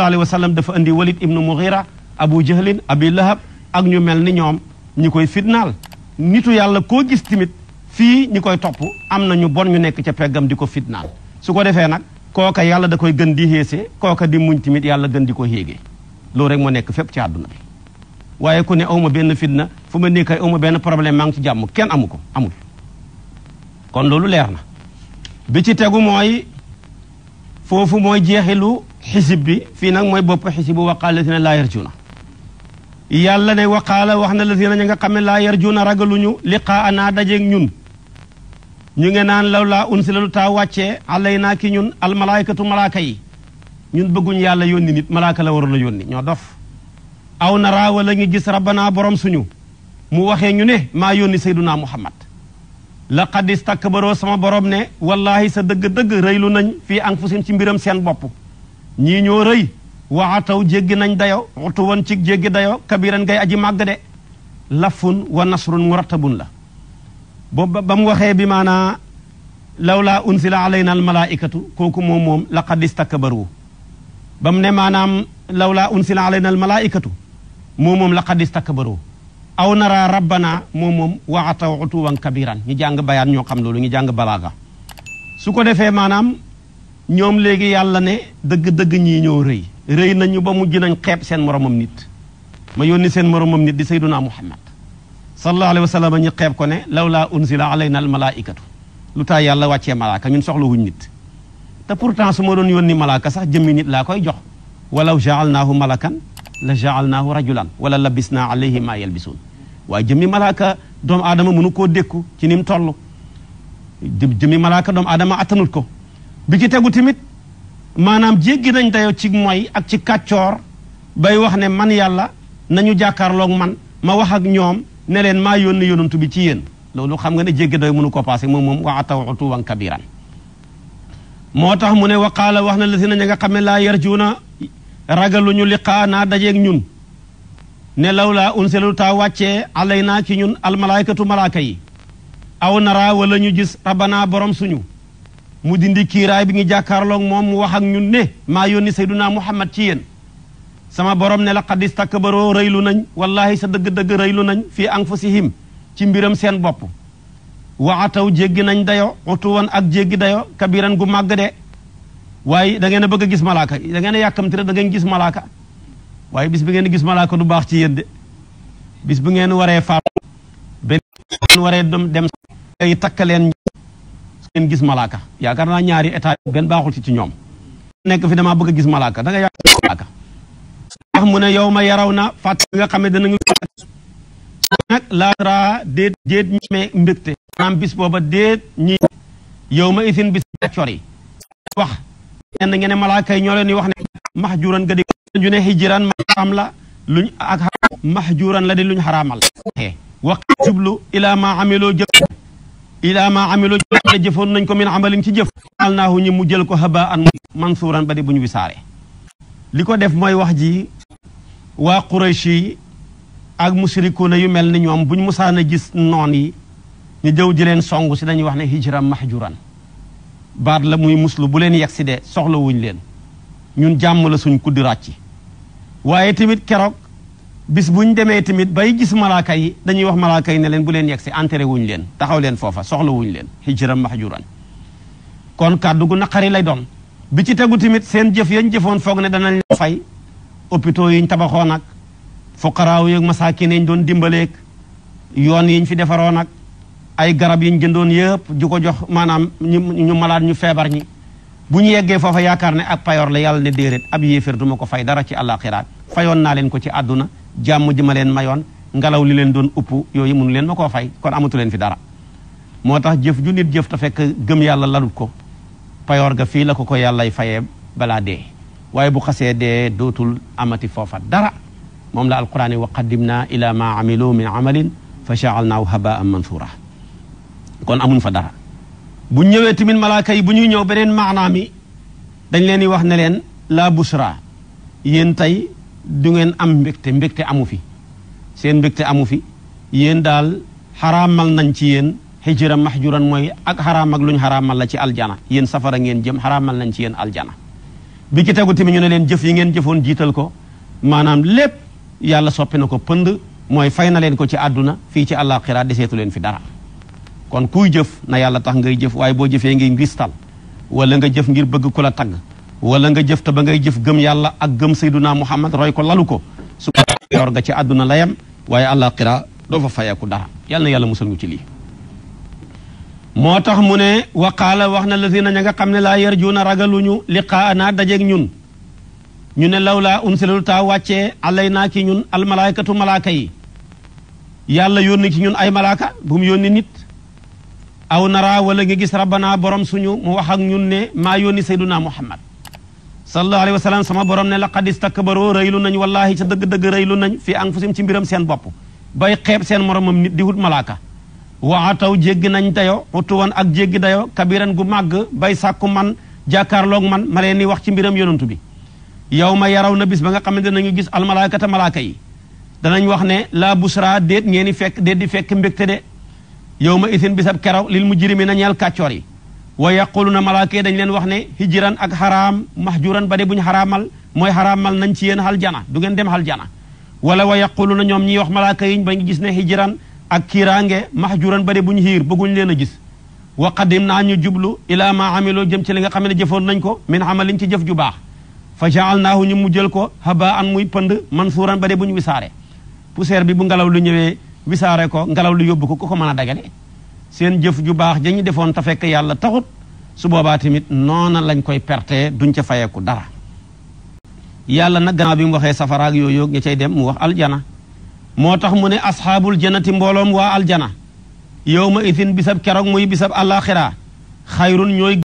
sallallahu alayhi wa sallam dafa indi walid ibnu mel ni ñoom ñi koy fitnaal nitu yàlla koo gis tamit fii ñi koy topp am na ñu ñu nekk ca peggam di ko fitnaal su ko defee nag kooka yàlla da koy gën di xéesee kooka di muñ tamit yàlla gën di ko xéegee loolu rek moo nekk fépp ci àdduna bi waaye ku ne awma benn fitna fu ma nekkay awma benn problème maa ngi ci jàmm kenn amu ko amul kon loolu leer na bi ci tegu mooy foofu mooy jeexilu xisib bi fii nag mooy bopp xisibu waqaal lazina laa yarjuuna yàlla ne waqaala wax na lazina ña nga xam ne laa yarjuuna ragaluñu liqaa anaa dajeeg ñun ñu nge naan law laa unsila lu taa wàccee alay naa ki ñun almalaaykatu malaaka yi ñun bëgguñ yàlla yónni nit malaaka la waroon a yónni ñoo dof aw naraa wala ñu gis rabbanaa borom suñu mu waxee ñu ne maa yónni sayduna muhammad laqad istakbaroo sama borom ne wallaahi sa dëgg-dëgg rëylu nañ fii anfusim ci mbiram seen bopp ñii ñoo rëy waxataw jéggi nañ dayo utu woon ci jéggi dayo kabiran ngay aji màgg de lafun wa nasrun murattabun la boobu ba mu waxee bi maanaa lawlaa unsila alayna al malaikatu kooku moom moom laqad istakbaru ba mu ne maanaam lawlaa nal alayna al malaikatu moom moom laqad istakbaru aw nara rabbana moom moom waxataw utuwan kabiran ñu jàng bayaan ñoo xam loolu ñu jàng balaaga su ko defee maanaam ñoom léegi yàlla ne dëgg-dëgg ñii ñoo rëy rëy nañu ba mujj nañ xeeb seen moromam nit ma yónni seen moromam nit di sayduna muhammad sallallahu alayhi wa sallam ñu xeeb ko ne law lawla unzila alayna al malaikatu lu tax yàlla wàccee malaaka ñun soxla wuñ nit te pourtant su ma doon yónni malaaka sax jëmmi nit laa koy jox walaw jaalnaahu malakan la jaalnaahu rajulan wala labisna alayhi ma yalbisuun waaye jëmmi malaaka doomu aadama mënu koo dékku ci ni mu toll jëmmi malaaka doomu aadama attanut ko bi ci tegu tamit maanaam jéggi nañ dayoo ci mooy ak ci kàccoor bay wax ne man yàlla nañu jàkkaarloog man ma wax ak ñoom ne leen maa yónni yonantu bi ci yéen loolu xam nga ne jéggi dayo mënu ko passé moom moom wa ataw utuwan kabiran moo tax mu ne wa qaala wax na la si na ña nga xam ne laa yarjuuna ragaluñu liqaa naa dajeeg ñun ne law laa unsilu taa wàccee alay naa ki ñun almalaykatu malaaka yi aw nara wala ñu gis rabanaa borom suñu mu dindi kiiraay bi ngi jàkkaarloog moom mu wax ak ñun ne maa yónni sayduna muhammad ci yéen sama borom ne takk istakbaroo rëylu nañ wallahi sa dëgg-dëgg rëylu nañ fii anfusihim ci mbiram seen bopp waxataw jéggi nañ dayo utuwan ak jéggi dayo kabiran gu màgg de waaye dangeen ngeen bëgg gis malaaka da ngeen a yàkkamti da ngeen gis malaaka waaye bis bi ngeen gis malaaka du baax ci yéen de bis bi ngeen waree faatu benn waree dem dem ay takkaleen dem gis malaaka yaakaar naa ñaari état benn baaxul ci ci ñoom nekk fi damaa bëgg a gis malaaka da nga yaakaar malaaka wax mu ne yow ma yaraw na fàtt bi nga xam ne danañu nag laadra déet déet ñime mbégte booba déet ñi yow ma isin yi wax ñenn ngeen ñoo leen di wax ne mahjuran nga ju ne hijiran ma la luñ ak mahjuran la di luñ xaraamal jublu ila ma amiloo jëf ilaa maa amilo jëfoon nañ ko min amalin ci jëf al naahu ñi mu jël ko haba an mansuuran ba di bu ñu wisaare li ko def mooy wax ji waa Quraysh yi ak musrikuuna yu mel ni ñoom buñ ñu musaan a gis noon yi ñu jëw ji leen song si dañuy wax ne hijran mahjuran baat la muy muslu bu leen yegg si de soxla wuñ leen ñun jàmm la suñ kuddi ràcci waaye tamit keroog bis bu ñu demee tamit bay gis malaaka yi dañuy wax malaaka yi ne leen bu leen yegg si enteré wuñ leen taxaw leen foofa soxla wuñ leen hijran mahjuran kon kàddu gu naqari lay doon bi ci tegu tamit seen jëf yañ jëfoon foog ne danañ leen fay hôpitaux yiñ tabaxoon nag fuqaraaw yeeg masaakin yañ doon dimbaleeg yoon yiñ fi defaroon ak ay garab yiñ jëndoon yëpp di ko jox maanaam ñu ñu malaat ñu feebar ñi bu ñu yeggee foofa yaakaar ne ak payoor la yàlla ne déeréet ab yéefér du ma ko fay dara ci àllaaxiraat fayoon naa leen ko ci àdduna jàmm ji ma leen mayoon ngelaw li leen doon upp yooyu mënu leen ma koo fay kon amatu fi dara moo tax jëf ju nit jëf fekk gëm yàlla lalut ko payoor ga fii la ko ko yàllay fayee balaa dee waaye bu xasee dee dootul amati foofa dara moom la alquran yi wa qaddimna ila ma amilu min amalin fa jaalnaahu habaan mansura kon amuñ fa dara bu ñëwee tamit malaaka yi bu ñuy ñëw beneen maanaam mi dañ leen di wax ne leen la busra yéen tey du ngeen am mbégte mbégte amu fi seen mbégte amu fi yéen daal xaraamal nañ ci yéen xijra mahjuran mooy ak xaraam ak luñ xaraamal la ci aljana yéen safara ngeen jëm xaraamal nañ ci yéen aljana bi ci tegu tamit ñu ne leen jëf yi ngeen jëfoon jiital ko maanaam lépp yàlla soppi na ko pënd mooy fay na leen ko ci àdduna fii ci àllaaxira deseetu leen fi dara kon kuy jëf na yàlla tax ngay jëf waaye boo jëfee ngi ngistal wala nga jëf ngir bëgg ku la tagg wala nga jëf te ba ngay jëf gëm yàlla ak gëm sayduna muhammad roy ko lalu ko su ko yor nga ci àdduna layam waaye àllaaxira doo fa fayeeku dara yàlla yàlla musal ñu ci lii moo tax mu ne wa wax na lazina ña nga xam ne laa yarjuuna ragaluñu liqaanaa dajeeg ñun ñu ne law laa unsilalu taa wàccee alay naa ki ñun almalaykatu malaaka yi yàlla yónni ci ñun ay malaaka bu mu yónni nit aw nara wala nga gis rabbana borom suñu mu wax ak ñun ne maa yónni sayduna muhammad sallallahu alayhi wa sallam sama borom ne laqad istakbaru rëylu nañ wallahi sa dëgg-dëgg rëylu nañ fi anfusihim ci mbiram seen bopp bay xeeb seen moromam nit di wut malaaka waataw jéggi nañ dayo utuwan ak jéggi dayo kabiran gu màgg bay sàkku man jàkkaarloog man ma leen ni wax ci mbiram yonantu bi yow ma yaraw na bis ba nga xam xamante nañu gis almalaakata malaaka yi danañ wax ne la busra déet ngeen di fekk déet di fekk mbégte de yow ma itin bisab keraw lil mujrimiina ñeel kàccoor yi wa yaquluna malaaka yi dañ leen wax ne hijran ak xaraam mahjuran ba de bu ñu xaraamal mooy xaraamal nañ ci yéen xal jana du ngeen dem xal jana wala wa yaquluna ñoom ñiy wax malaaka yi bañ gis ne hijran ak kiiraange mahjuran ba de bu ñu xiir bëgguñ leen a gis wa qadim naa ñu jublu ila ma amilo jëm ci li nga xam ne jëfoon nañ ko min amalin ci jëf ju baax fa jaalnaahu ñu mu jël ko haba an muy pënd mansuuran ba de bu ñu wisaare poussière bi bu ngelaw lu ñëwee wisaare ko ngelaw lu yóbbu ko ku ko mën a dagale seen jëf ju baax ja defoon te fekk yàlla taxut su boobaa tamit noona lañ koy pertee duñ ca fayeeku dara yàlla nag gannaaw bi mu waxee safaraak yooyu nga cay dem mu wax aljana moo tax mu ne asxaabul janati mbooloom waa aljana yow ma itin bisab keroog muy bisab àllaaxira xayrun ñooy